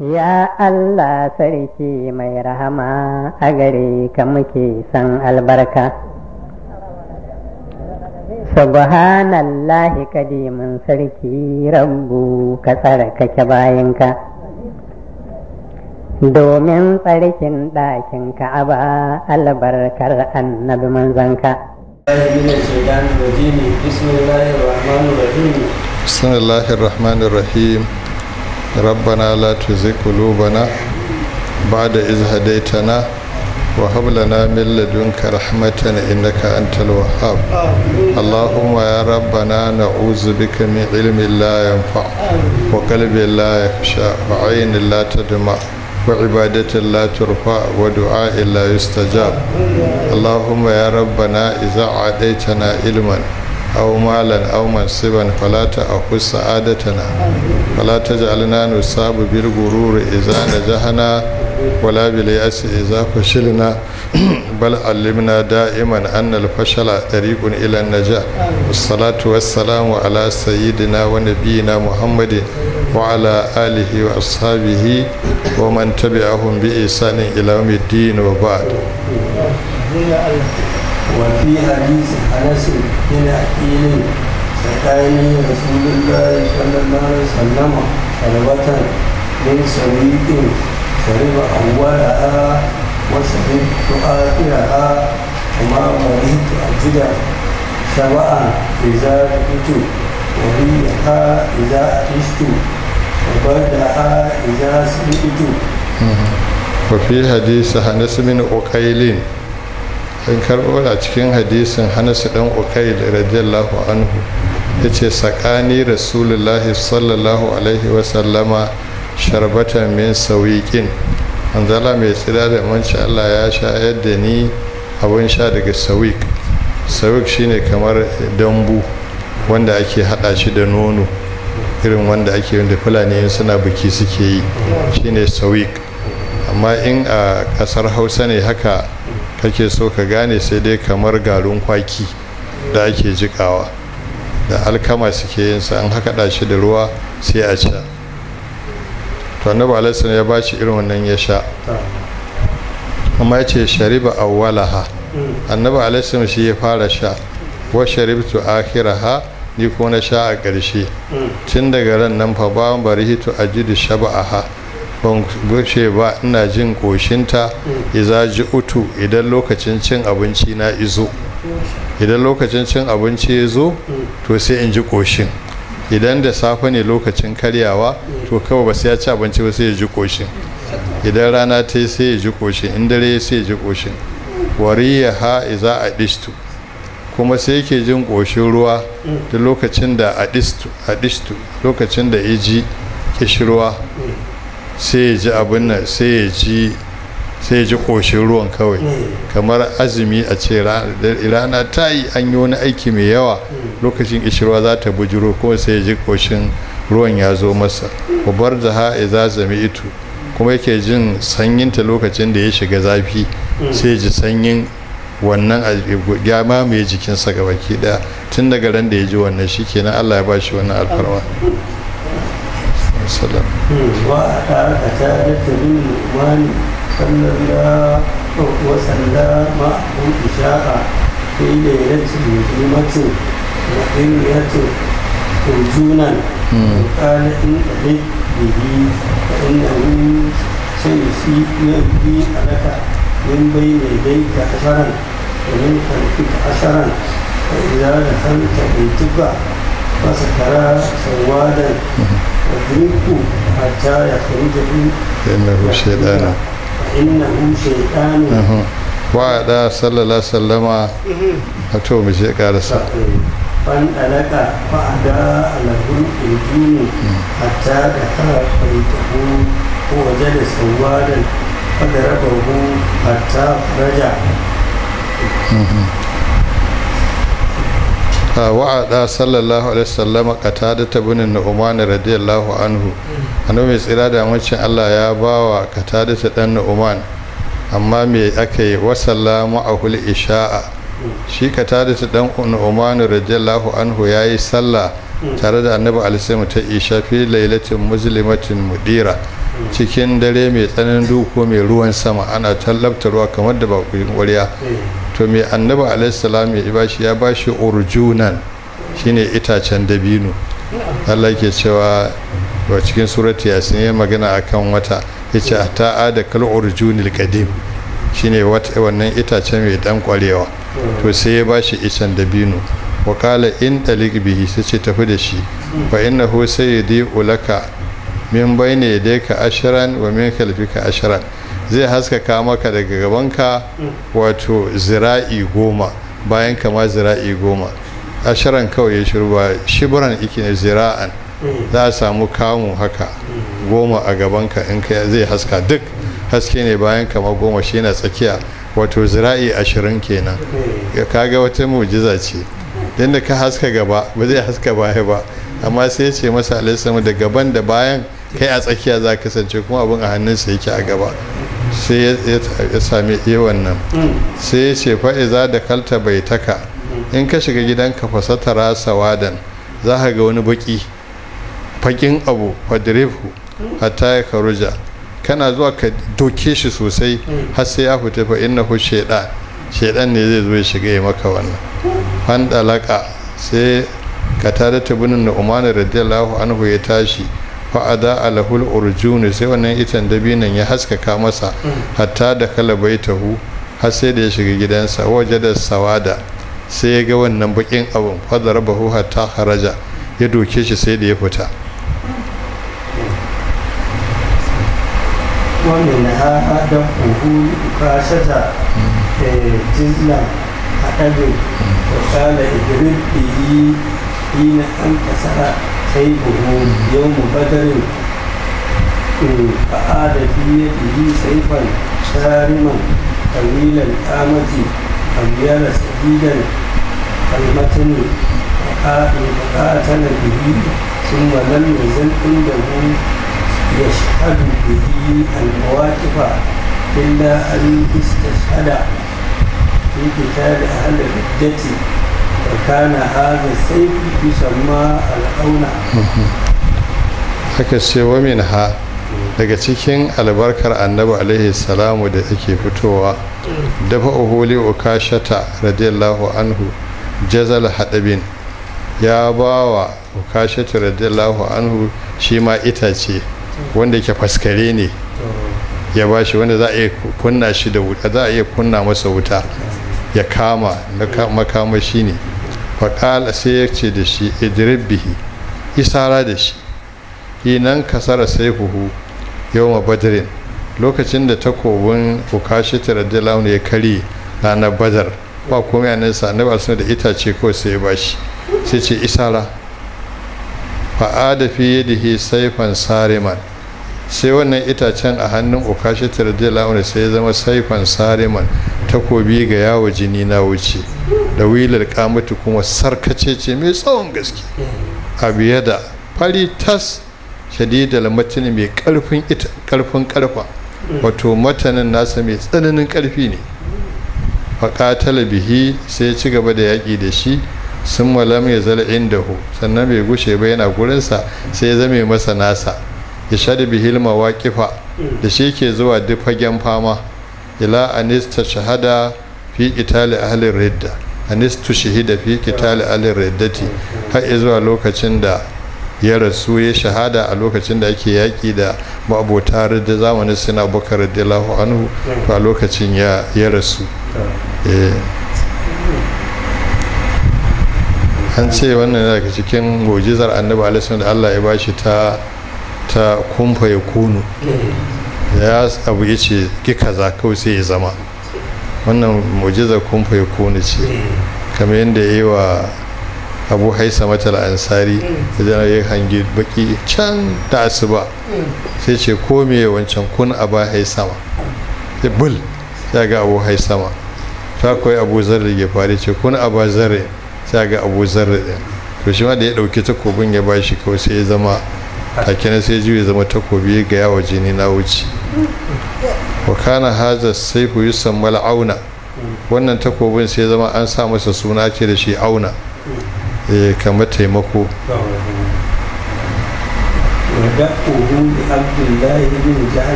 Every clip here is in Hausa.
Ya Allah sarki mai rahama a gare ka muke san albarka. Subhanallahi kadimin sarki rabbu ka tsarkake bayanka. Domin tsarkin ɗakin ka'aba albarkar annabi manzanka. Bismillahirrahmanirrahim. Bismillahirrahmanirrahim. ربنا لا تزغ قلوبنا بعد إذ هديتنا وهب لنا من لدنك رحمة إنك أنت الوهاب اللهم يا ربنا نعوذ بك من علم لا ينفع وقلب لا يخشى وعين لا تدمع وعبادة لا ترفع ودعاء لا يستجاب اللهم يا ربنا إذا عاديتنا علما أو مالا أو منصبا فلا تأخذ سعادتنا فلا تجعلنا نصاب بالغرور إذا نجحنا ولا باليأس إذا فشلنا بل علمنا دائما أن الفشل طريق إلى النجاح والصلاة والسلام على سيدنا ونبينا محمد وعلى آله وأصحابه ومن تبعهم بإحسان إلى يوم الدين وبعد وفي حديث أنس بن عقيل سقاني رسول الله صلى الله عليه وسلم شربة من سويق شرب أولها وشربت آخرها وما مريت أجدا سواء إذا كنت وريحا إذا أتشت وبردها إذا سمعت وفي حديث أنس بن عقيل in karɓo a cikin hadisin hannasu ɗan ukail radiyallahu anhu ya ce tsakani rasulullahi sallallahu alaihi wasallama sharbatan min sauyiƙin zala mai tsira da manci allah ya sha yadda ni abin sha daga sauyiƙ sauyiƙ shine kamar dambu wanda ake hada shi da nono irin wanda ake wanda fulani suna biki suke yi shine sauyiƙ amma in a ƙasar hausa ne haka kake so ka gane sai dai kamar garin kwaki da ake jikawa da alkama suke yin sa an haka shi da ruwa sai a sha to annabi alaihi ya bashi irin wannan ya sha amma ya ce shariba awwalaha annabi alaihi shi ya fara sha wa sharibtu akhiraha ni ko na sha a ƙarshe tun daga ran nan fa ba barihitu ajidu shaba'aha ban gushe ba ina jin koshinta iza ji utu idan lokacin cin abinci na izo idan lokacin cin abinci ya zo to sai in ji koshin idan da safe ne lokacin karyawa to kawai ba sai ya ci abinci ba sai ya ji koshin idan rana ta yi sai ya ji koshin in dare sai ya ji koshin wariya ha iza a dishtu kuma sai yake jin koshin ruwa da lokacin da a dishtu lokacin da ya ji kishirwa sai ya ji abin nan sai ya ji sai ya ji ƙoshin ruwan kawai hmm. kamar azumi a ce rana ta yi an yi wani aiki mai yawa hmm. lokacin ishirwa za ta bujiro kuma sai ya ji ƙoshin ruwan ya zo masa ubar hmm. da ha za zami ito kuma yake jin sanyinta lokacin da ya shiga zafi sai ji sanyin wannan ya mamaye jikinsa gabaki daya tun daga ran da ya ji wannan shikenan allah ya ba shi wannan alfarma wasallam وأتى النبي لقمان صلى الله وسلم معه إشاء في ليلة مظلمة مقيمة وجونا قال إن أرد به فإنه سيسيء يهدي لك من بين يديك أثرا ومن خلفك أثرا فإذا دخلت بيتك فسترى سوادا أدركه حتى يخرج لي إنه شيطان إنه شيطان وعدا صلى الله عليه وسلم أتوم شيء كارثة فانطلق فأدى له الجن حتى دخل بيته ووجد سوادا فضربه حتى خرج wa'ada sallallahu alaihi wasallam qatada bin nu'man radiyallahu anhu annabi tsira da mace Allah ya bawa qatada dan nu'man amma me aka yi wa sallamu ahul isha'a shi qatada dan nu'man radiyallahu anhu yayi sallah tare da annabi alaihi ta isha fi lailatin muslimatin mudira cikin dare mai tsananin duhu mai ruwan sama ana tallabta ruwa kamar da ku wariya to mai annaba alaihissalam ya bashi ya bashi urjunan shine itacen dabino Allah ke cewa wa cikin surati yasin ya magana akan wata Ya a ta'a da kal urjunil qadim shine wata wannan itacen mai dan kwarewa to sai ya bashi icen dabino wa kala in dalik bihi sai ce tafi da shi fa innahu sayyidi ulaka min dai yadayka ashirin wa min ka ashirin. zai haskaka maka daga gabanka wato zira'i goma bayan kama zira'i goma ashirin kawai ya ba shibiran iki zira'an za a samu kamu haka goma a gabanka in ka zai haska duk haske ne bayan kama goma shi na tsakiya wato zira'i ashirin kenan kaga wata mujiza ce yadda ka haska gaba ba zai haska baya ba amma sai ce masa alaihi da gaban da bayan kai a tsakiya za kasance kuma abin a hannunsa yake a gaba sai ya sami iya wannan mm. sai ya ce fa'iza da kalta bai taka mm. in ka shiga gidan gidanka fasatara sawadan za ka ga wani baki fakin abu fadirefu mm. hatta ya karuja kana zuwa ka doke shi sosai har sai ya fita fa inna hu sheda shaidan ne zai zo ya shiga ya maka wannan fan sai ka tare tabunin na umar radiyallahu anhu ya tashi fa'ada alahul urjuni sai wannan itan dabinan ya haskaka masa hatta da kalabaitahu har sai da ya shiga gidansa waje da sawada sai ya ga wannan bakin abin fadar bahu hatta haraja ya doke shi sai da ya fita wannan ha haɗa kuhu kashata eh, jizla a ɗabin da ƙala igirin da yi na ɗan kasara sai buhun yau mu badarin ka'a da fiye da yi saifan shariman kalilan kamaji a biyar sabidan kalmatin ka'a da ka'a ta na biyu sun walar da zantun da mu ya shahadu da yi alkawa kifa illa an yi kista shada yi fita da halar وكان هذا السيف يسمى الأونة kakace wa minha daga cikin albarkar annabi alaihi salamu da ake fitowa dafa uhuli ukashata radiyallahu anhu jazal hadabin ya bawa ukashata radiyallahu anhu shi ma itace wanda ke faskare ne ya ba shi wanda za a iya kunna shi da wuta za a iya kunna masa wuta ya kama makamashi ne faƙala sai ya ce da shi idrib bihi isara da shi inan kasara sai huhu yau badrin lokacin da takobin fukashi taradilawun ya kari ranar badar ba komai a nesa na alsun da itace ko sai ba shi sai ce isara fa'ada fi yadihi saifan sariman sai wannan itacen a hannun ukashi taradilawun sai ya zama saifan sariman takobi ga yawo jini na wuce dawilar kamatu kuma sarkace ce mai tsawon gaske a da fari tas shadidal matani mai karfin ita karfin karfa wato matanin nasa mai tsananin karfi ne faƙatala bihi sai ya ci gaba da yaƙi da shi sun malam ya zala inda hu sannan bai gushe ba yana gurinsa sai ya zame masa nasa ya shaɗi bihil kifa da shi ke zuwa duk fama ila anista shahada fi itali halin ridda anistu shahida fi kitali alin reddati har zuwa lokacin da ya rasu ya shahada a lokacin da ake yaƙi da ma'abota da zamanin suna bukar da anhu a lokacin ya rasu eh. an ce wannan daga cikin mujizar annabi alisun da allah ya bashi ta ta kumfa kunu ya abu ya ce ki kaza kawai sai ya zama wannan mujiza kun ya kone ce kamar yadda ya yi wa abu haisa matal ansari da jana ya hangi baki can da asuba sai ce ko me wancan kun aba haisama ya bul ya ga abu haisama ta koyi abu zarri ya fari ce kun ba zarri sai ga abu zarri ɗin to shi ma da ya dauki takobin ya bashi kawai sai ya zama take na sai ya zama takobi ga yawa jini na wuce Wa wakana haza saifu yusan auna wannan takobin sai zama an sa masa suna ce da shi auna eh, kamar taimako hmm.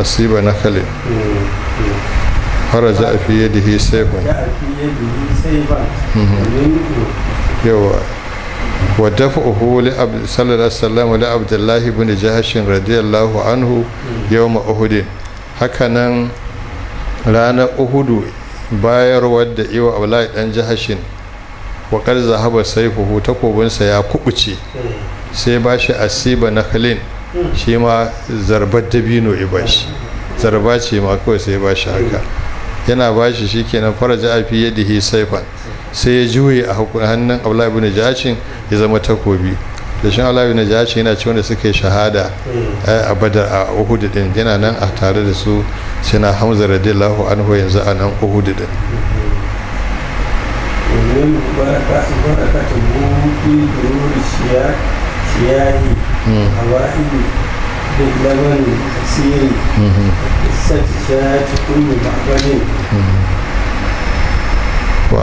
asiba na kale fara za'afi yadda hi saifun yawa ودفعه لأب صلى الله عليه وسلم لعبد الله بن جهش رضي الله عنه يوم أحد هكذا رانا أحد bayar wadda iwa abulai dan jahashin wakar zahaba saifuhu takobinsa ya kubuce sai ba shi asiba na khalin shi ma zarbar dabino ya zarba ce ma kawai sai ba shi haka yana ba shi fara faraja a fiye da saifan sai ya juye a hannun abdullahi ibn jashin ya zama takobi da shi abdullahi ibn jashin yana ci wanda suke shahada hmm. eh, a badar a uhud din yana nan a tare da su suna hamza radiyallahu anhu yanzu a nan uhud din لبن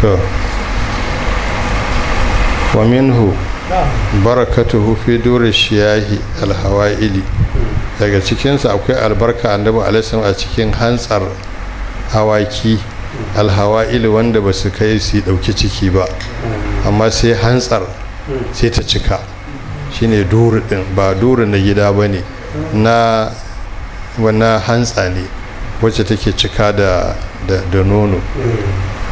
to wa minhu barakatuhu fi duri shiyahi alhawa'ili daga cikinsa akwai albarka annabi alaihi a cikin hantsar hawaki alhawa'ili wanda ba su kai su dauki ciki ba amma sai hantsar sai ta cika shine duri din ba duri na gida ba ne na wannan hantsa ne wacce take cika da nono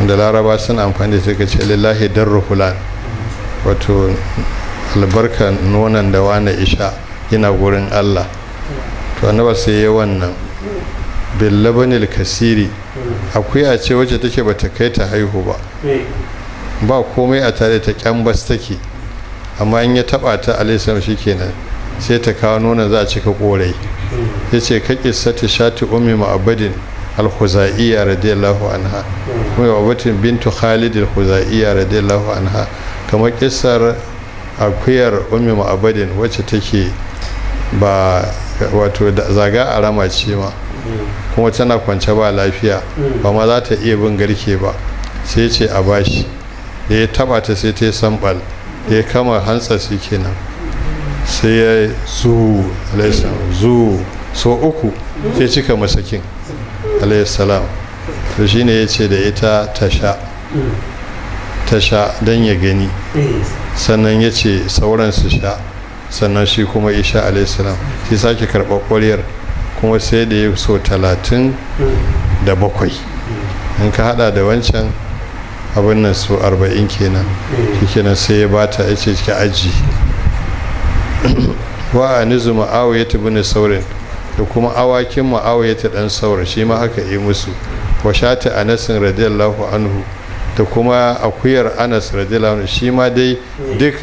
da laraba suna amfani da suka ce lillahi darru fulan wato albarka nonon da wane isha yana gurin allah to annaba sai yi wannan billabanil kasiri akwai a ce wacce take bata kai ta haihu ba ba komai a tare ta kyambas take amma in ya taba ta shi kenan sai ta kawo nonon za a cika korai ya ce ka sha ta umi ummi ma'abadin al-khuzaiya radiyallahu anha hmm. kuma batun bintu khalid al-khuzaiya radiyallahu anha kamar kisar akuyar ummi ma'abadin wacce take ba wato zaga a rama ce ma hmm. kuma tana kwance ba lafiya hmm. ba ma za ta iya bin garke ba sai ce a bashi da ya taba sai ta yi sambal da ya kama hantsa su kenan sai ya zu zu so uku sai cika masakin alaihissalam to shine ya ce da ita tasha tasha don ya gani sannan ya ce sauran sha sannan shi kuma isha alaihissalam shi sake karɓar ƙwariyar kuma sai da ya so talatin da bakwai in ka hada da wancan abin nan su arba'in kenan kenan sai ya bata ya ce ki aji wa a nizu ma'awiyatu bin saurin da kuma awakin ma'awaya ta dan saura shi ma haka yi musu wa shata anasin radiyallahu anhu da kuma akuyar anas radiyallahu anhu shi ma dai duk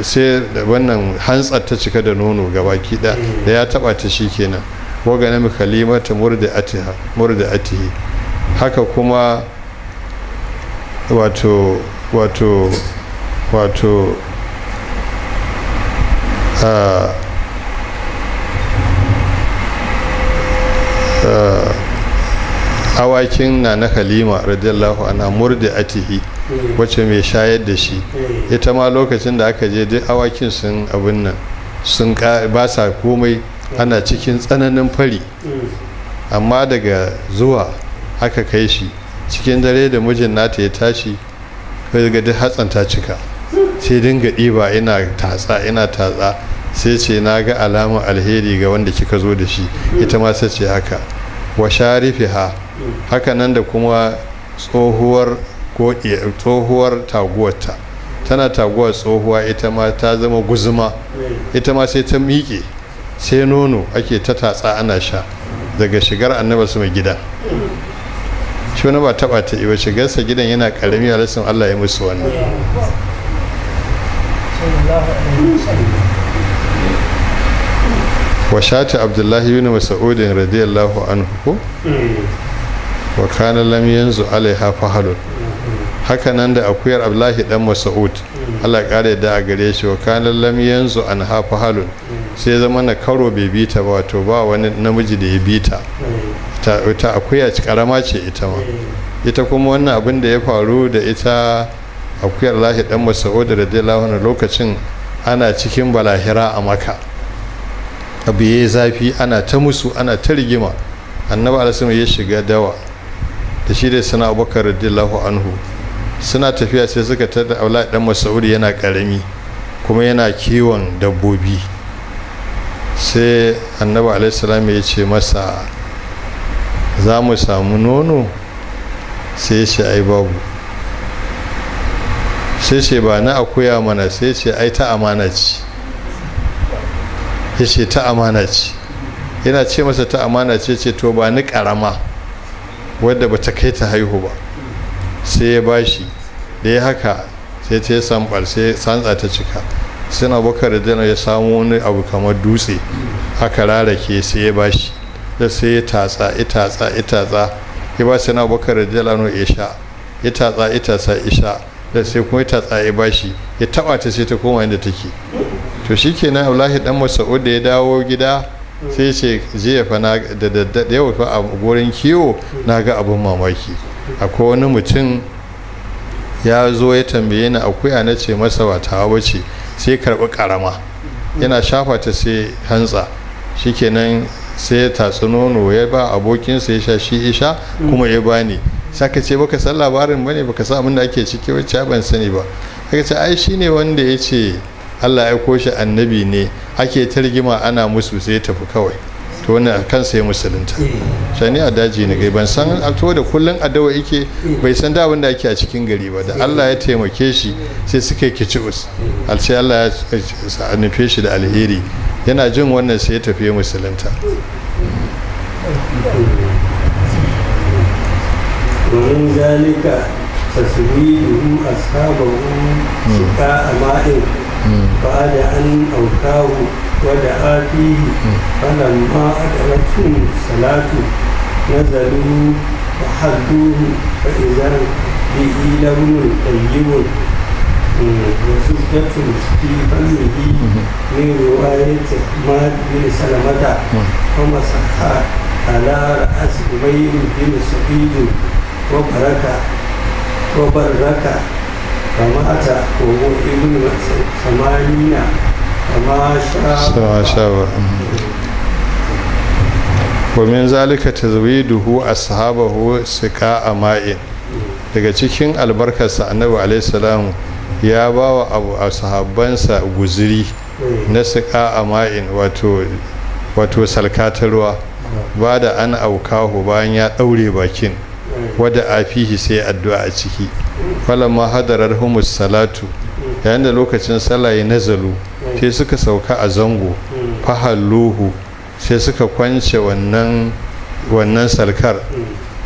sai da wannan hantsar ta cika da nono ga baki da da ya taba ta shi kenan wa ganin kalimata murda atiha murda atihi haka kuma wato wato wato ah, Eh, awakin na na halima radiyallahu ana murda atihi mm. wacce mai shayar da shi mm. ita ma lokacin da aka je duk awakin sun abin nan sun ba sa komai mm. ana cikin tsananin fari amma daga zuwa aka kai shi cikin dare da mijin nata ya tashi kai ga duk hatsan ta cika sai dinga ɗiba ina tatsa ina tatsa sai ce na ga alamun alheri ga wanda kika zo da shi ita ma sai ce haka wa ha haka nan da kuma tsohuwar tsohuwar taguwarta tana taguwar tsohuwa ita ma ta zama guzuma ita ma sai ta miƙe sai nono ake ta tatsa ana sha daga shigar annaba su mai gida shi wani ba taba ta iwa shigarsa gidan yana karami a Allah ya musu wannan wa shati abdullahi bin mas'udin radiyallahu anhu ko wa kana lam yanzu alaiha fahalun haka nan da akuyar abdullahi dan mas'ud Allah kare da a gare shi wa kana lam yanzu an ha fahalun sai zama na karo bai bita ba wato ba wani namiji da ya bita ta akuya karama ce ita ma ita kuma wannan abin da ya faru da ita akuyar lahi dan mas'ud radiyallahu anhu lokacin ana cikin balahira a maka abu ya yi zafi ana ta musu ana ta rigima annaba alasama ya shiga dawa da shi da sana abubakar radiyallahu anhu suna tafiya sai suka tada aula dan masaud yana karami kuma yana kiwon dabbobi sai annaba alaihissalam ya ce masa za mu samu nono sai shi ai babu sai shi ba na akuya mana sai shi ai ta amana ce ya ce ta amana ce yana ce masa ta amana ce ce to ba ni karama wadda ba ta kai ta haihu ba sai ya bashi da ya haka sai ta yi sambar sai santsa ta cika sai na bakar da ya samu wani abu kamar dutse aka rarake sai ya bashi da sai ya tatsa ya itatsa ya ya ba sai na bakar da ya sha itatsa itatsa ya ya sha da sai kuma ya tatsa ya bashi ya taba ta sai ta koma inda take to shikenan Abdullahi dan Mas'ud da ya dawo gida sai ce zai na da daddade yau fa a gurin kiwo na ga abin mamaki akwai wani mutum ya zo ya tambaye ni akuya na ce masa ba ta ce sai karɓi karama yana shafa ta sai hantsa shikenan sai ya tatsi nono ya ba abokinsa ya sha shi isha kuma ya bani saka ce baka san labarin bane baka san abin da ake ciki wacce ban sani ba kaga ce ai shine wanda ya ce allah ya aiko shi annabi ne ake targima ana musu sai ya tafi kawai to wannan kan sai musulunta eh. sai ne a daji ne gai ban san to da kullun adawa yake eh. bai san da abin da ake a cikin gari ba da allah ya taimake shi sai suka yi kici'us eh. sai allah ya nufe shi da alheri yana jin wannan sai ya tafi musulunta ومن ذلك تسويده أصحابه a ماء بعد أن أوكاه ودعا فيه فلما أدركتهم الصلاة نزلوا وحدوه فإذا به لون طيب وزبدة في فمه من رواية أحمد بن سلمة ومسح على رأس أمير بن سعيد وبركة وبركة kama وهو ابن ثمانين وما شاء شاء ومن ذلك تزويده أصحابه سقاء ماء daga cikin albarkarsa annabi alaihissalam ya ba wa abu a sahabbansa guziri eh. na siƙa a ma'in wato salkatarwa ah. ba da an aukahu bayan ya ɗaure bakin wada afihi sai addu'a a ciki falamma hadarar humus salatu yayin da lokacin salaye na nazalu sai suka sauka a zango fahalluhu sai suka kwance wannan wannan salkar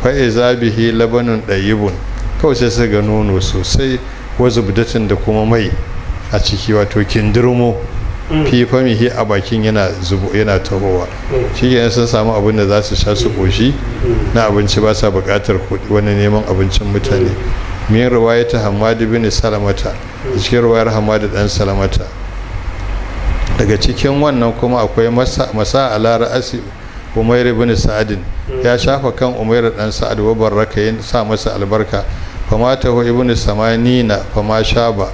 fa'e zabihi labanun ɗayibun kawai sai suka ga nono sosai wazubdatin da kuma mai a ciki wato kindirmo Mm. fifamihi a bakin yana zubo yana tahowa mm. shi sun samu abin da za su sha su koshi mm. na abinci ba sa buƙatar wani neman abincin mutane min ta hamadu bin salamata cikin riwayar hamadu dan salamata daga cikin wannan kuma akwai masa ala ra'asi umair bin sa'adin ya shafa kan umair dan sa'ad wa baraka yin sa masa albarka fama ta wa ibn na fama shaba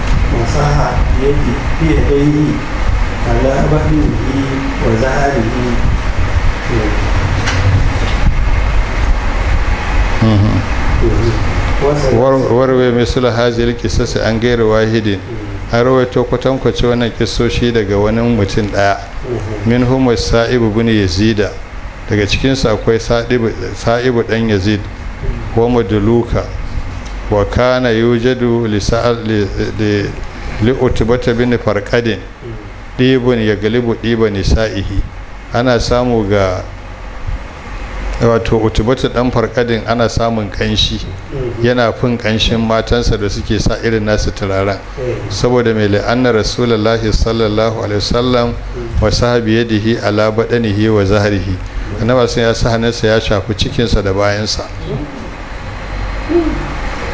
نصح يدي بيديه wa بطنه وزعره warware misali hajjiyar kisarsa an gaira wahidi an rawaito kwatankwaci wannan kisoshi daga wani mutum ɗaya min humar sa'ibu bin yazida daga cikinsu akwai sa'ibu ɗan yazid ko luka wa kana yujadu li utubata bin farqadin ɗibin ya galibu ɗiba nisa'ihi ana samu ga wato utubata dan farkadin ana samun kanshi yana fin kanshin matansa da suke sa irin nasu turaren saboda mai la'anna rasulullahi sallallahu alaihi wasallam wa sahabi yadihi ala badanihi wa zahrihi annabi sai ya sa hannunsa ya shafi cikinsa da bayansa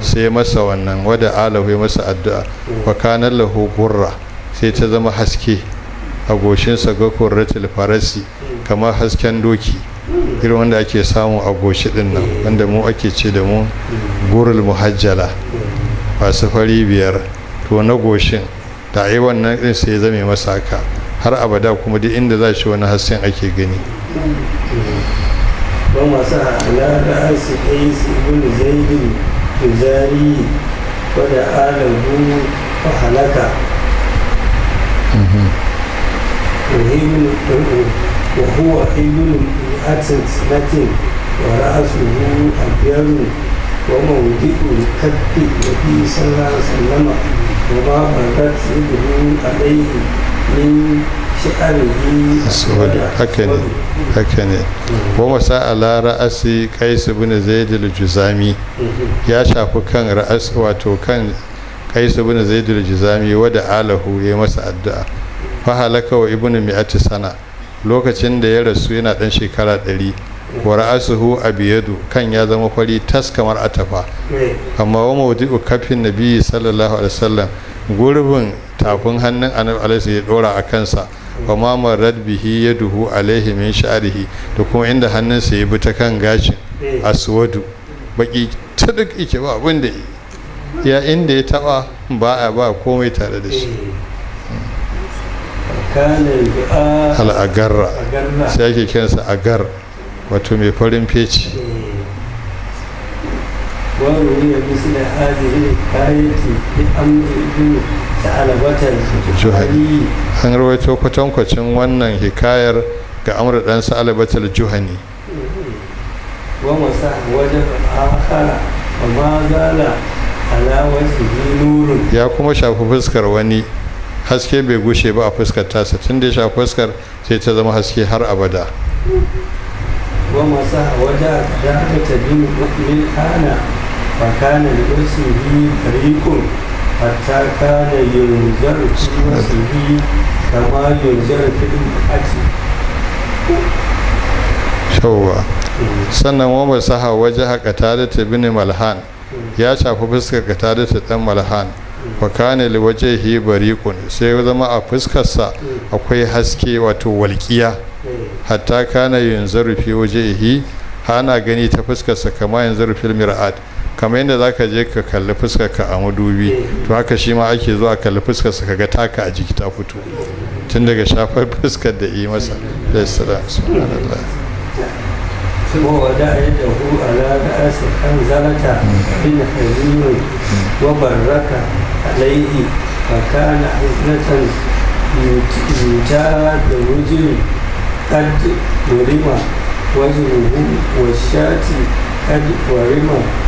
sai masa wannan wada alahu ya masa addu'a wa kana lahu gurra sai ta zama haske a goshinsa ga kurratul farasi kamar hasken doki irin wanda ake samu a goshi din nan wanda mu ake ce da mu gurul muhajjala masu fari biyar to na goshin da yi wannan din sai ya zame masa haka har abada kuma duk inda za shi wani hasken ake gani ba masu ala da su ibn zaidin إزاري ودعا له فهلك وهو حبل مئة سنة ورأسه أبيض وموضع الكتب النبي صلى الله عليه وسلم وما بلغت عليه من aswadu haka ne haka ne sa'ala ra'asi qais ibn zaid juzami ya shafi kan ra'as wato kan qais ibn zaid juzami wa alahu ya masa addu'a fa halaka wa ibn mi'ati sana lokacin da ya rasu yana dan shekara 100 wa ra'asuhu abiyadu kan ya zama fari tas kamar atafa amma wa mawdi'u kafin nabi sallallahu alaihi wasallam gurbin tafin hannun annabi alaihi ya dora a kansa wa ma ya duhu yaduhu alaihi min da kuma inda hannunsa ya bi ta kan gashin suwadu baki ta duk ike ba abin ya inda ya taba ba a ba komai tare da shi eh. al'agarra sai ake kiransa agar wato mai farin feci وروي مثل هذه الحكاية لأمر ابن ثعلبة الجهني an rawaito kwatankwacin wannan hikayar ga amur dan sa'alabatul juhani wa masa wajen akhara a ma zala ala wajhihi nurun ya kuma shafi fuskar wani haske bai gushe ba a fuskar tasa tun da ya shafi fuskar sai ta zama haske har abada wa masa wajen da ta bin milhana فكان لنفسه فريق حتى كان ينذر في نفسه كما ينذر في الأكل yauwa sannan wa mai saha waje haka tare ta bin malhan ya shafi fuskar ka tare ta dan malhan wa kane li waje hi bariqun sai ya zama a fuskarsa akwai haske wato walƙiya hatta kana yanzu rufi waje hi hana gani ta fuskarsa kama yanzu rufil mir'ad kamar yadda za ka je ka kalli ka a madubi to haka shi ma ake zuwa kalli fuskarsa ka ga taka a jiki ta fito tun daga shafar fuskar da yi masa da isra subhanallah ثم وضع يده على قد ورم وجهه والشاة قد ورم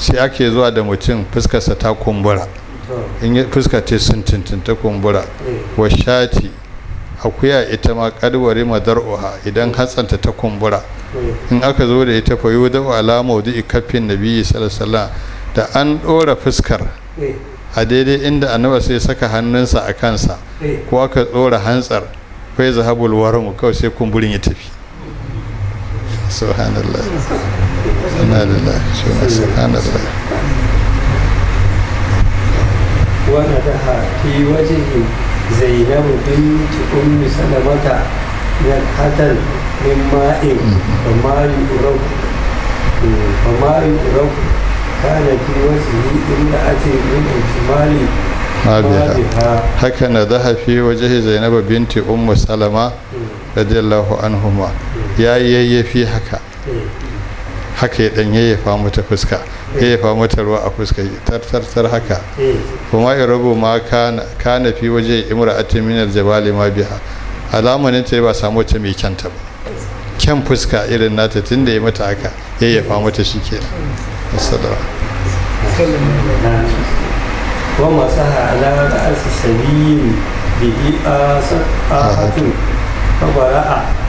sai ake zuwa da mutum fuskarsa ta kumbura in yi fuskar ce sun ta kumbura wa shati akuya ita ma kadwari madar'uha idan hatsanta ta kumbura in aka zo da ita fayo da alama wa ikafin kafin biyu sallallahu da an ɗora fuskar a daidai inda annaba sai saka hannunsa a kansa ko aka tsora hantsar fai zahabul mu kawai sai kumburin ya tafi ina lillahi shi ne subhanallah wa nadaha fi wajhi zainab bint ummi salamata nadhatan min ma'in wa ma yurab wa ma yurab kana fi wajhi imra'atin min shimali بها هكذا ذهب في وجه زينب بنت أم سلمة رضي الله عنهما يا يي haka ya dan fa mata fuska fa mata ruwa a fuska tartartar haka kuma rubu ma kana kana fi waje a min aljabali ma biha alamanin ta ba samu ta mai kyanta ba kyan fuska irin nata tunda ya mata haka yayyafa mata shikenan assalamu wa masaha ala ra'as sabil bi a'a sab'atun fa bara'a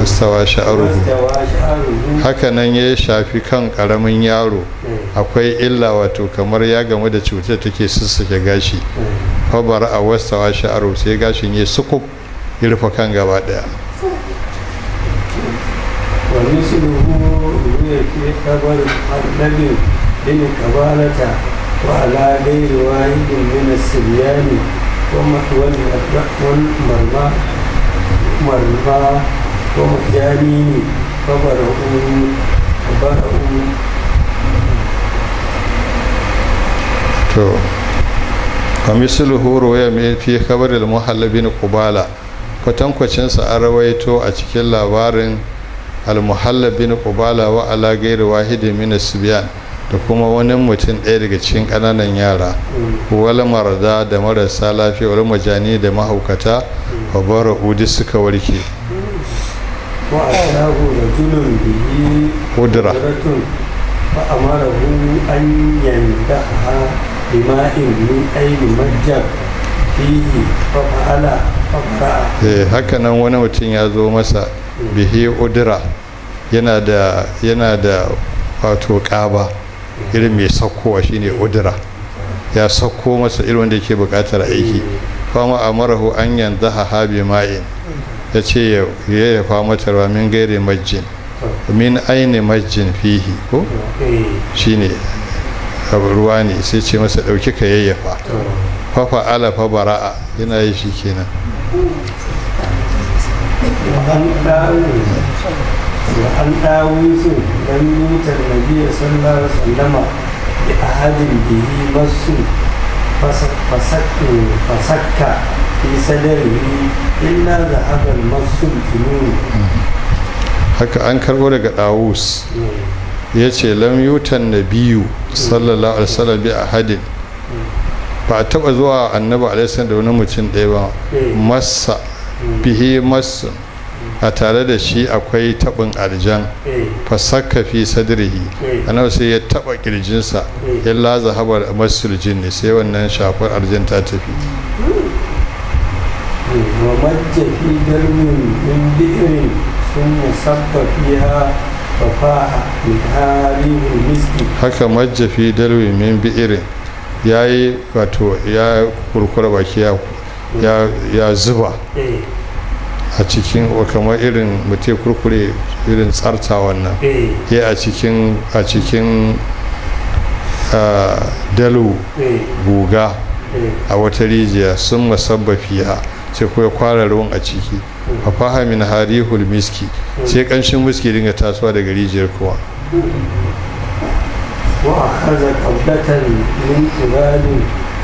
wastawa sha'aruhu hakanan ya shafi kan karamin yaro akwai illa wato kamar ya gamu da cutar take sussuke gashi fabar a wastawa sha'aruhu sai gashin ya suku ya kan gaba daya وعلى غير واحد من السبيان ومجانين فبرؤوا فبرؤوا تو ومثله روي في خبر kwatankwacinsa an rawaito a cikin labarin almuhallabin Kubala wa alagairu wahidin da kuma wani mutum ɗaya daga cikin ƙananan yara wal marda da marasa lafiya wal majani da mahaukata wa bara udi suka warke وأتاه رجل به قدرة mutum ya zo masa bihi udura yana da yana da wato ƙaba irin mai sakkowa shine udura ya sauko masa irin wanda ke bukatar aiki kuma amara hu an yanzu ha bi ma'in ya ce ya yayyafa mata ruwa min gairi majin min aini majin fihi ko eh. shi ne ruwa ne sai ce masa ɗauki ka yayyafa fafa ala fa bara'a yana yi shi kenan وعن داوود لم يؤت النبي صلى الله عليه وسلم بأحد به مس فسك fasakka. haka an karbo daga dawus ya ce lam yutan nabiyu sallallahu alaihi wasallam bi hadin ba a taba zuwa annabi alaihi da wani mutum ɗaya ba eh. Mas'a hmm. bihi masu hmm. a tare da shi akwai tabin arjan eh. fasakka fi sadrihi eh. sai ya taba kirjinsa laza zahabar masu jini sai wannan shafar arjan ta tafi wa majja fi dalmin min bi'irin sun musabba fiha fafaha min halihul miski haka majja fi dalmin min bi'irin ya yi wato ya kurkura baki ya zuba eh. a cikin kamar irin mutum kurkure irin tsarta wannan eh. ya a cikin a cikin dalu eh. guga a wata rijiya sun musabbafiya sai ko ya kwara ruwan a ciki a fahamin harihul miski sai kanshin miski dinga tasowa daga rijiyar kowa wa akhadha qablatan min ibali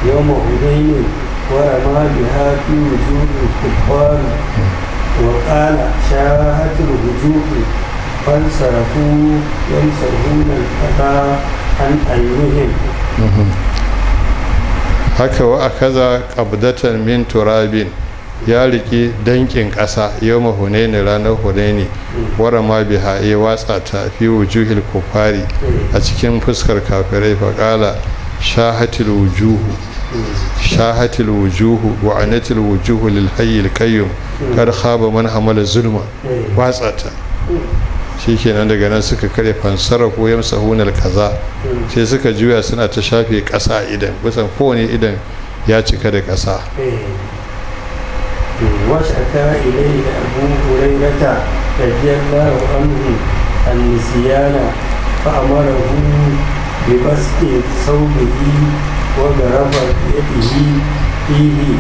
yawma hudayn wa rama biha fi wujuhi kuffar wa qala shahatul wujuhi fansarafu yamsaruna al-qada an ayyuhim mhm. haka wa akaza qabdatan min turabin ya riki dankin ƙasa yau mahunaini ranar hunaini wara ma biha ya watsa ta fi wujuhil kufari a cikin fuskar kafirai faƙala shahatil wujuhu shahatil wujuhu wa anatil wujuhu lil hayyil qayyum kar khaba man hamala zulma watsa ta shikenan daga nan suka kare fansara ko yamsa hunal kaza sai suka juya suna ta shafe ƙasa idan kusan kowane idan ya cika da ƙasa واشتكى إليه أبو هريرة رضي الله عنه النسيان فأمره ببسط ثوبه وضرب بيده فيه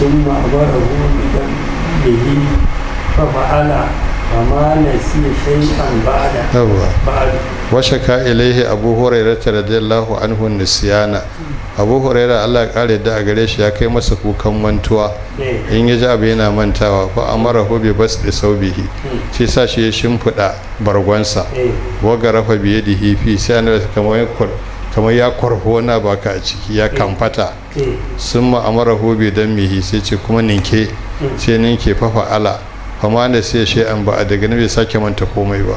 ثم أمره بدمه ففعل وما نسي شيئا بعد بعد وشكى إليه أبو هريرة رضي الله عنه النسيان abu huraira allah kare da a gare shi ya kai masa kukan mantuwa hmm. in ya ji abu yana mantawa ko amara hobi bas da saubihi hmm. shi sa shi ya shimfiɗa bargonsa hmm. waga rafa biye da hifi sai an kamar ya kwarfi na baka a ciki ya kamfata sun ma ma'amara hobi dan mihi sai ce kuma ninke sai ninke fafa ala fama da sai shi an ba a daga nabi sake manta komai ba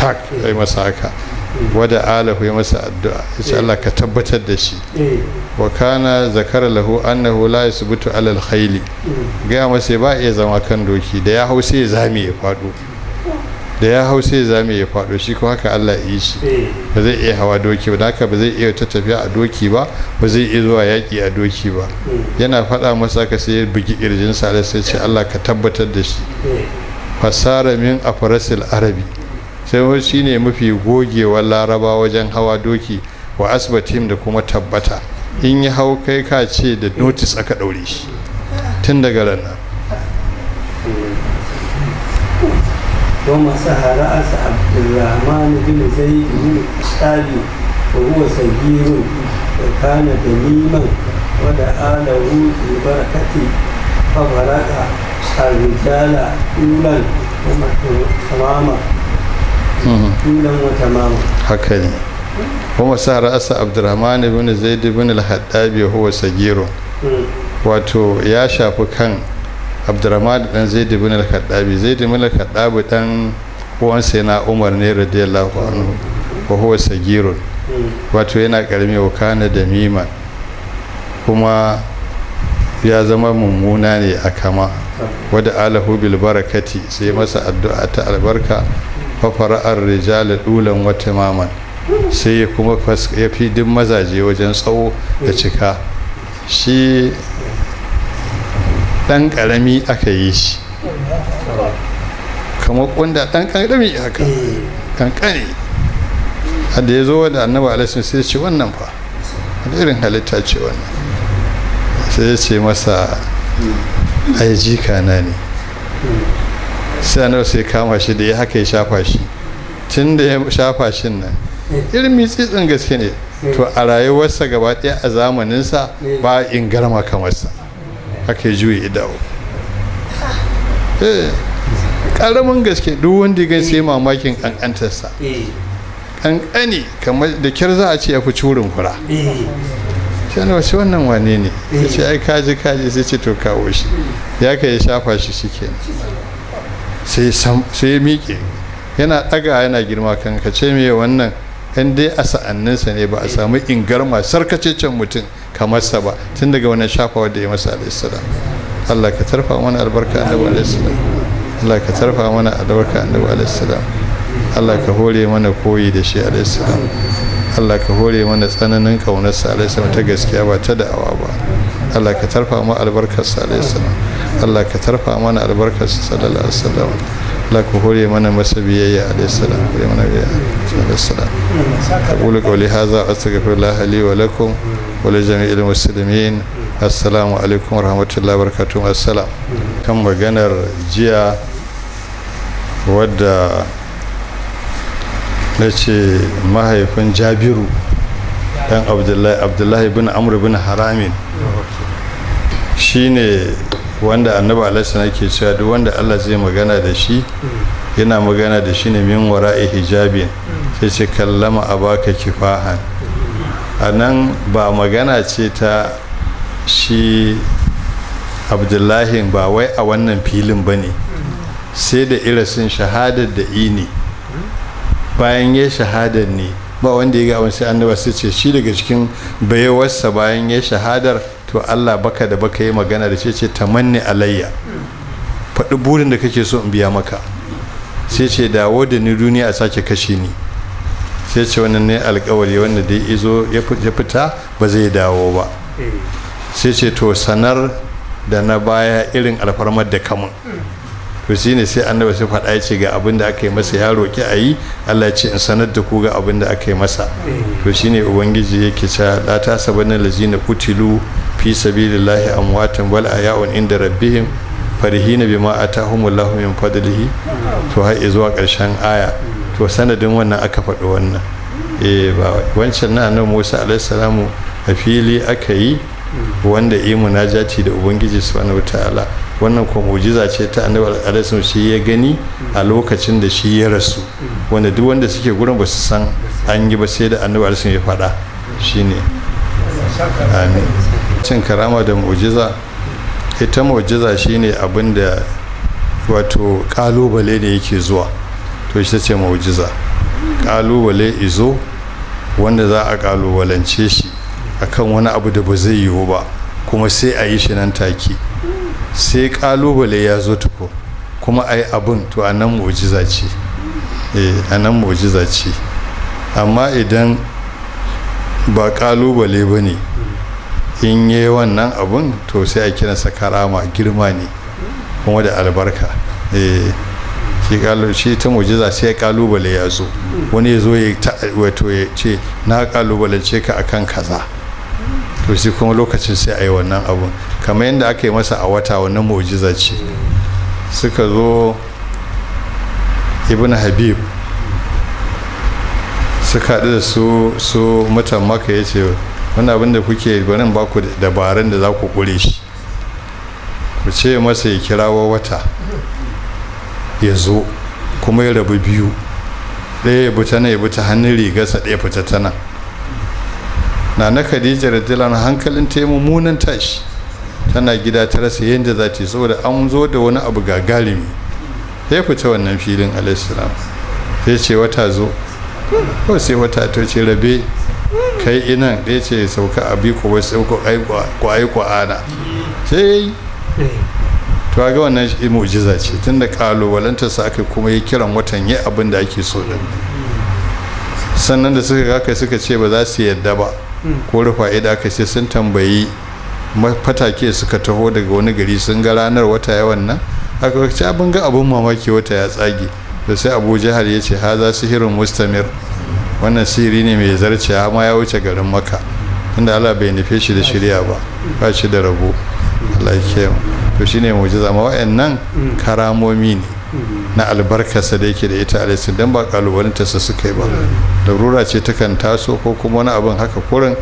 tak ya masa haka wada alahu ya masa addu'a yace Allah ka tabbatar da shi wa kana zakara lahu annahu la yasbutu ala alkhayli ga masa ba iya zama kan doki da ya hausa ya zame ya fado da ya hausa ya zame ya fado shi ko haka Allah ya yi shi ba zai iya hawa doki ba haka ba zai iya ta tafiya a doki ba ba zai iya zuwa yaki a doki ba yana faɗa masa ka sai ya bugi ƙirjin sa sai ce Allah ka tabbatar da shi fasara min afrasil arabi sai wani shi ne mafi gogewar laraba wajen hawa doki wa asibitin da kuma tabbata in ya hau kai ka ce da notice aka ɗaure shi tun daga ran nan goma sahara asa abdulrahman bin zaid bin stadi wa huwa sagirun da kana da liman wa da alahu bi barakati wata mama haka ne kuma sa ra'asa abdurrahman ibn zaid ibn al haddabi huwa sagiro hmm. wato ya shafi kan abdurrahman dan zaid ibn al haddabi zaid ibn al haddabi dan uwansa na umar ne radiyallahu anhu wa huwa sagiro hmm. wato yana karmi wa kana da mima kuma ya zama mummuna ne a kama hmm. wadda alahu bil barakati sai masa addu'a ta albarka fafara'ar rijala dulan wata maman sai ya kuma ya fi duk mazaje wajen tsawo da cika shi dan karami aka yi shi kamar kunda dan karami aka kankani hada ya zo da annaba alaihi sai ce wannan fa irin halitta ce wannan sai ya ce masa ai jika na ne sai sai kama shi da ya haka ya shafa shi tun da ya shafa shi nan ilimi tsitsin gaske ne to a rayuwarsa gaba ɗaya a zamaninsa ba in garma sa haka ya juye idawo eh, ƙaramin gaske duk wanda ya sai mamakin ƙanƙantarsa ƙanƙani kamar da kyar za a ce ya fi curin fura sai wasu wannan wane ne ya ce ai kaji kaji sai ce to kawo shi ya ka ya shafa shi shi kenan sai sai miƙe yana ɗaga yana girma kan ka ce me wannan in dai a sa'anninsa ne ba a samu ingarma sarkacecen mutum kamar sa ba tun daga wannan shafawa da ya masa salam Allah ka tarfa mana albarka annabi salam Allah ka tarfa mana albarka annabi salam Allah ka hore mana koyi da shi salam Allah ka hore mana tsananin kaunarsa salam ta gaskiya ba ta da'awa ba Allah ka tarfa mu alayhi salam Allah ka tarfa mana albarkar sallallahu alaihi wasallam Allah ku hore mana masa biyayya alaihi salam hore mana biyayya alaihi salam aqulu qawli hadha astaghfirullah li wa lakum wa li jami'il muslimin assalamu alaikum wa rahmatullahi wa barakatuh assalam kan maganar jiya wadda na ce mahaifin jabiru ɗan abdullahi bin amr bin haramin shine wanda annabi alaihi ke cewa duk wanda Allah zai magana da shi yana magana da shi ne min wara'i hijabin sai ce kallama abaka kifahan anan ba magana ce ta shi abdullahi ba wai a wannan filin ba ne sai da irasin shahadar da ini bayan ya shahadar ne ba wanda ya ga abin sai annaba sai ce shi daga cikin bayawarsa bayan ya shahadar to Allah baka da baka yi magana da ce ce manne alayya faɗi burin da kake so in biya maka sai ce dawo da ni duniya a sake kashe ni sai ce wannan ne alkawari wanda da izo ya fita ba zai dawo ba sai ce to sanar da na baya irin alfarmar da kamun to shi ne sai annaba sai faɗa ya ce ga abin da aka yi masa ya roƙi a yi allah ya ce in sanar da ku ga abin da aka yi masa to shi ne ubangiji yake cewa la sabanin lazina kutilu fi sabilillahi amwatun wal ayaun inda rabbihim farihina bima atahumullahu min fadlihi to har zuwa karshen aya to sanadin wannan aka faɗi wannan eh ba wancan nan annabi Musa alaihi salamu a fili aka yi wanda yi munajati da ubangiji subhanahu wataala wannan ko mu'jiza ce ta annabi alaihi shi ya gani a lokacin da shi ya rasu wanda duk wanda suke gurin ba su san an yi ba sai da annabi alaihi ya faɗa shine amin cin karama da mu'jiza ita mu'jiza shine abin da wato kalubale ne yake zuwa to shi ce mu'jiza kalubale izo wanda za a kalubalance shi akan wani abu da ba zai yiwu ba kuma sai a yi shi nan take sai kalubale ya zo tuko kuma a yi abin to a nan mu'jiza ce eh, a nan mu'jiza ce amma idan ba kalubale ba ne in yi wannan abun to sai a kiransa karama girma ne kuma da albarka eh, shi ta mujiza sai ya kalubale ya zo wani ya zo ya ce na kalubalance ka akan kaza to shi kuma lokacin sai a yi wannan abun kamar yadda aka yi masa a wata wannan mujiza ce suka zo ibn habib suka haɗu da su su mutan maka ya ce wani abin da kuke barin baku ku dabarun da za ku kure shi ku ce masa ya kirawo wata ya zo kuma ya rabu biyu ɗaya ya buta na ya buta hannun rigarsa ɗaya fita tana. nan na na khadija radiyallahu hankalin ta yi mummunan tashi tana gida ta rasa yadda za ta yi saboda an zo da wani abu ga Ta yi fita wannan filin alaihi sai ce wata zo ko sai wata to ce rabe kai inan da ya ce sauka a biko wai sai ku aiko ana sai eh. to ga wannan shi mu'jiza ce tun da sa aka kuma yi kiran watan yi abin da ake so da sannan da suka kai suka ce ba za su yadda ba hmm. ko rufa ida aka ce sun tambayi fatake suka taho daga wani gari sun ga ranar wata yawan nan aka ce abin ga abin mamaki wata ya tsage da sai abu jihar ya ce ha za su hirin mustamir wannan siri ne mai zarce amma ya wuce garin maka Inda Allah bai nufe shi da shirya ba ba shi da rabo Allah ya to shine mujiz amma wayannan karamomi ne na albarkasa da yake da ita alaihi Don ba ta suka yi ba larura ce ta kan taso ko kuma wani abin haka kurin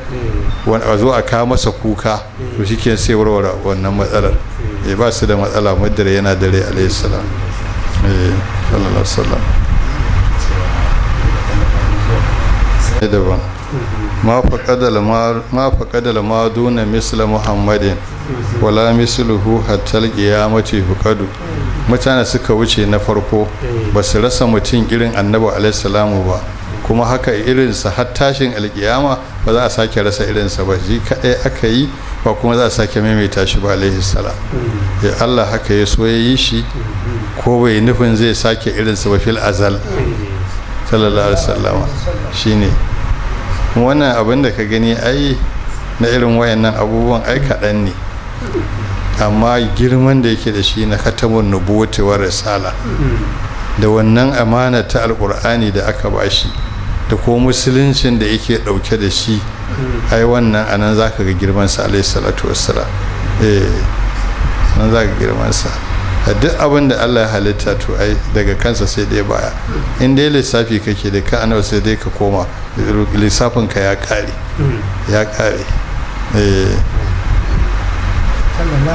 a zo a kawo masa kuka to shi ke sai warware wannan matsalar ya eh, ba su da matsala madara yana dare eh, alaihi salam daban ma faƙadal ma duna misla muhammadin wala misluhu hatta qiyamati hukadu mutane suka wuce na farko ba su rasa mutum irin annabi alaihi ba kuma haka irinsa har tashin alkiyama ba za a sake rasa irinsa ba ji kaɗai aka yi ba kuma za a sake maimaita shi ba alaihi ya Allah haka ya so ya yi shi ko bai nufin zai sake irinsa ba fil azal sallallahu alaihi wasallama shine wannan abin da ka gani ai na irin wayannan abubuwan ai kaɗan ne amma girman da yake da shi na katamun nubuwati wa risala da wannan amana ta alkur'ani da aka bashi da ko musuluncin da yake ɗauke da shi ai wannan anan zaka ga girman sa alaihi salatu wassalam eh nan zaka ga girman sa duk abin da Allah ya halitta to ai daga kansa sai dai baya in dai lissafi kake da ka annabi sai dai ka koma lissafin ka ya kare ya kare eh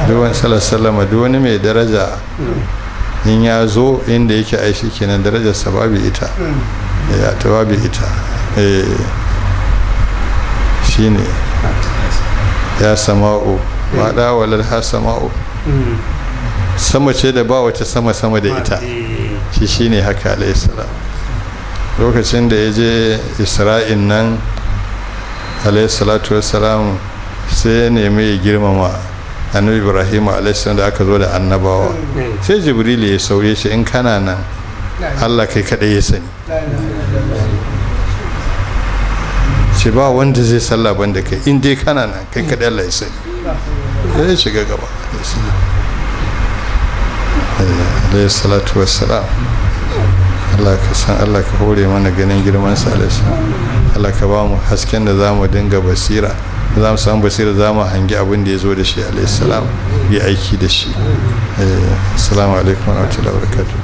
duwan sallallahu duk wani mai daraja in ya zo inda yake ai shi kenan darajar sa babu ita ya ta babu ita eh shine ya sama'u ma dawalar ha sama'u sama ce da ba wata sama sama da ita eh. shi shine haka alayhi lokacin da ya je isra'in nan alayhi wassalam sai ya nemi ya girmama annabi ibrahim alaihissalam da aka zo da annabawa eh. sai jibrilu ya sauye shi in kana nan allah kai kaɗai ya sani ce ba wanda zai sallaban banda kai in dai kana nan kai kaɗai allah ya sani ya shiga gaba alaihi salatu wassalam Allah ka san Allah ka hore mana ganin girman salisa Allah ka ba mu hasken da za mu dinga basira za mu samu basira za mu hangi abin da ya zo da shi salam ya aiki da shi eh, assalamu alaikum wa rahmatullahi wa barakatuh